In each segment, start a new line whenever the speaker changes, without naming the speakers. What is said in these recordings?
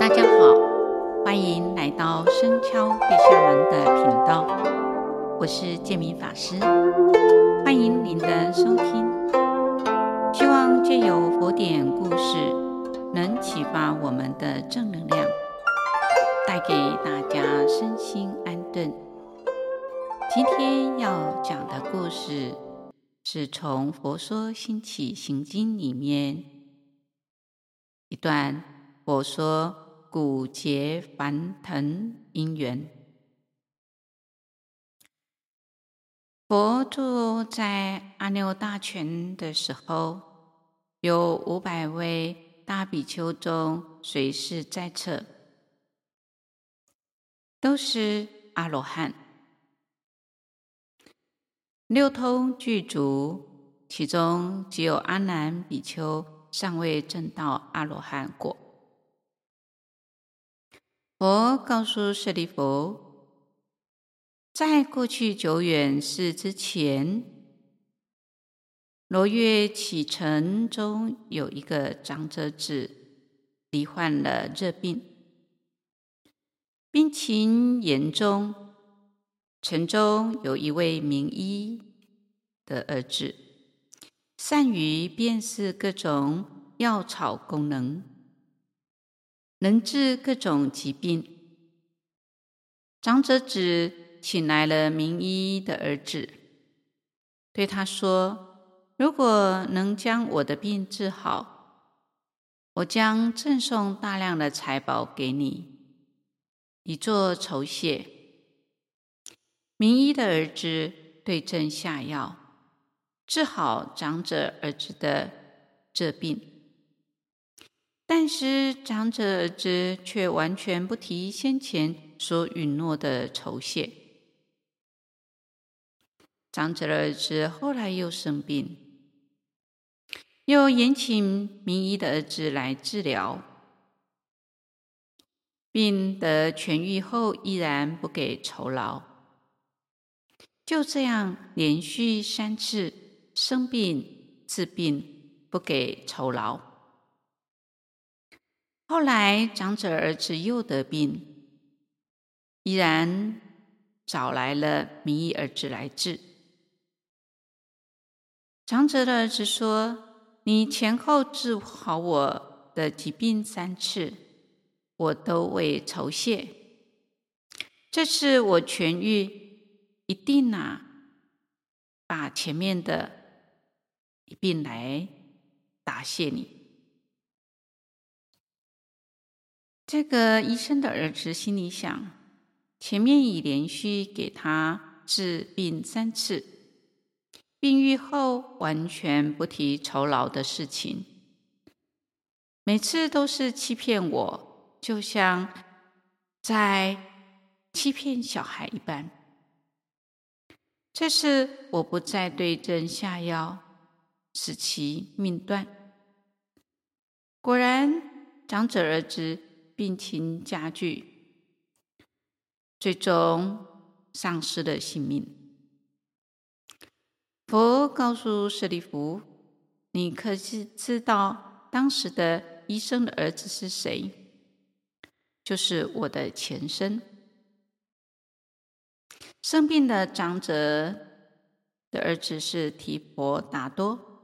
大家好，歡迎來到僧敲月下門的頻道，我是建明法師，歡迎您的收聽。希望借由佛典故事，能啟發我們的正能量，帶給大家身心安頓。今天要講的故事是從《佛說興起行經》裡面一段佛說。骨節煩疼，因緣。佛住在阿耨大泉的時候，有五百位大比丘眾隨侍在側，都是阿羅漢，六通具足，其中只有阿難比丘尚未證到阿羅漢果。佛告訴舍利弗，在過去久遠世之前，羅月啟城中有一個長者子，罹患了熱病，病情嚴重。城中有一位名醫的兒子，善於辨識各種藥草功能。能治各種疾病。長者子請來了名醫的兒子，對他說：“如果能將我的病治好，我將贈送大量的財寶給你，以作酬謝。”名醫的兒子對症下藥，治好長者兒子的這病。但是長者兒子卻完全不提先前所允諾的酬謝。長者兒子後來又生病，又延請名醫的兒子來治療，病得痊癒後依然不給酬勞。就這樣連續三次生病、治病，不給酬勞。後來，長者兒子又得病，依然找來了名醫兒子來治。長者的兒子說：“你前後治好我的疾病三次，我都未酬謝。這次我痊癒，一定吶、啊，把前面的一併來答謝你。”這個醫生的兒子心裡想：前面已連續給他治病三次，病癒後完全不提酬勞的事情，每次都是欺騙我，就像在欺騙小孩一般。這次我不再對症下藥，使其命斷。果然，長者兒子，病情加劇，最終喪失了性命。佛告訴舍利弗：“你可知知道當時的醫生的兒子是誰？就是我的前身。生病的長者的兒子是提婆達多。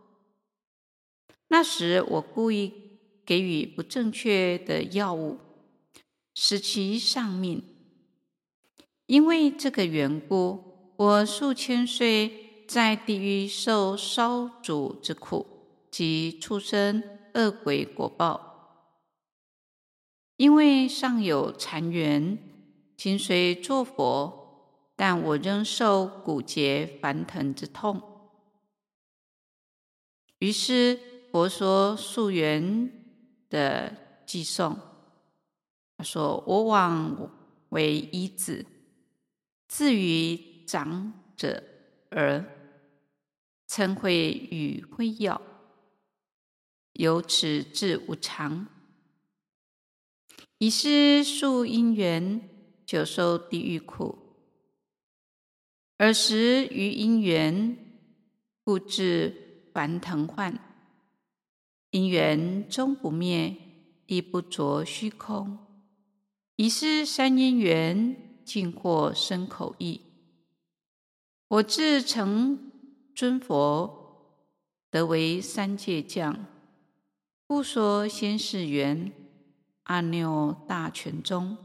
那時我故意給予不正確的藥物。”使其喪命，因為這個緣故，我數千歲在地獄受燒煮之苦及畜生恶鬼果報。因為尚有殘緣，今雖作佛，但我仍受骨節煩疼之痛。於是佛說宿緣的偈頌。他說：“我往為醫子，治於長者兒，瞋恚與非藥，由此致無常。以是宿因緣，久受地獄苦。爾時餘因緣，故致煩疼患。因緣終不滅，亦不着虛空。”以是三因緣，盡護身口意，我自成尊佛，得為三界將，故說先世緣，阿耨大泉中。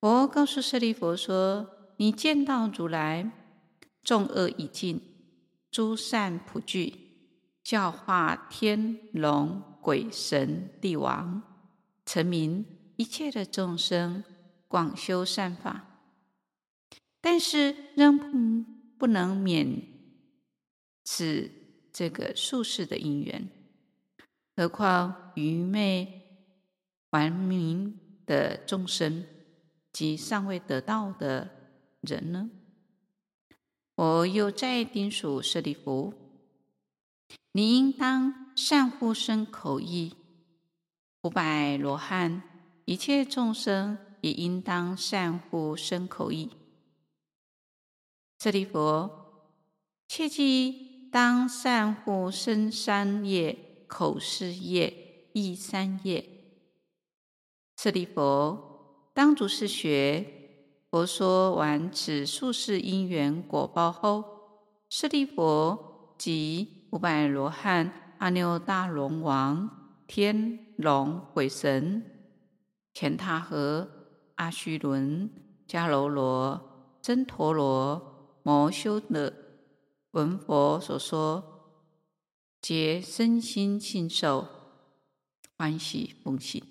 佛告訴舍利弗說：“你見到如來，眾惡已盡，諸善普具，教化天龍鬼神帝王，臣民。”一切的眾生廣修善法，但是仍不能免此這個宿世的因緣。何況愚昧頑冥的眾生及尚未得道的人呢？我又再叮囑舍利弗：“你應當善護身口意，五百羅漢。”一切眾生也應當善護身、口、意。舍利弗，切記當善護身三業、口四業、意三業。舍利弗，當如是學。佛說完此宿世因緣果報後，舍利弗及五百羅漢、阿耨大龍王、天龍鬼神。幹沓和、阿須倫、迦樓羅、羅、真陀羅、摩休勒，聞佛所說，皆深心信受，歡喜奉行。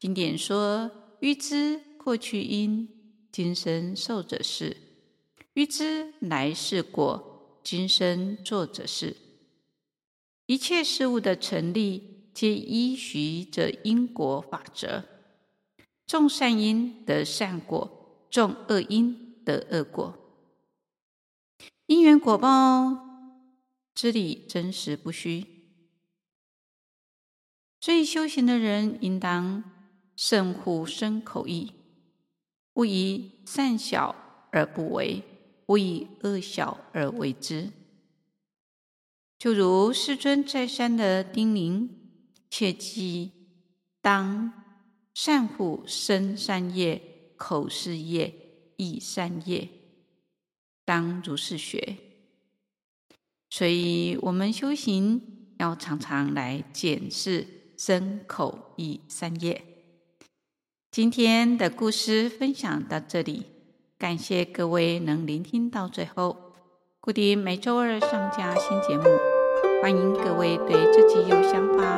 經典說：欲知過去因，今生受者是；欲知來世果，今生作者是。一切事物的成立。皆依循着因果法則，種善因得善果，種惡因得惡果。因緣果報之理真實不虛，所以修行的人應當慎護身口意，勿以善小而不為，勿以惡小而為之。就如世尊再三的叮嚀。切記，當善護身三業、口四業、意三業，當如是學。所以，我們修行要常常來檢視身、口、意三業。今天的故事分享到這裡，感謝各位能聆聽到最後。固定每周二上架新節目，歡迎各位對這集有想法。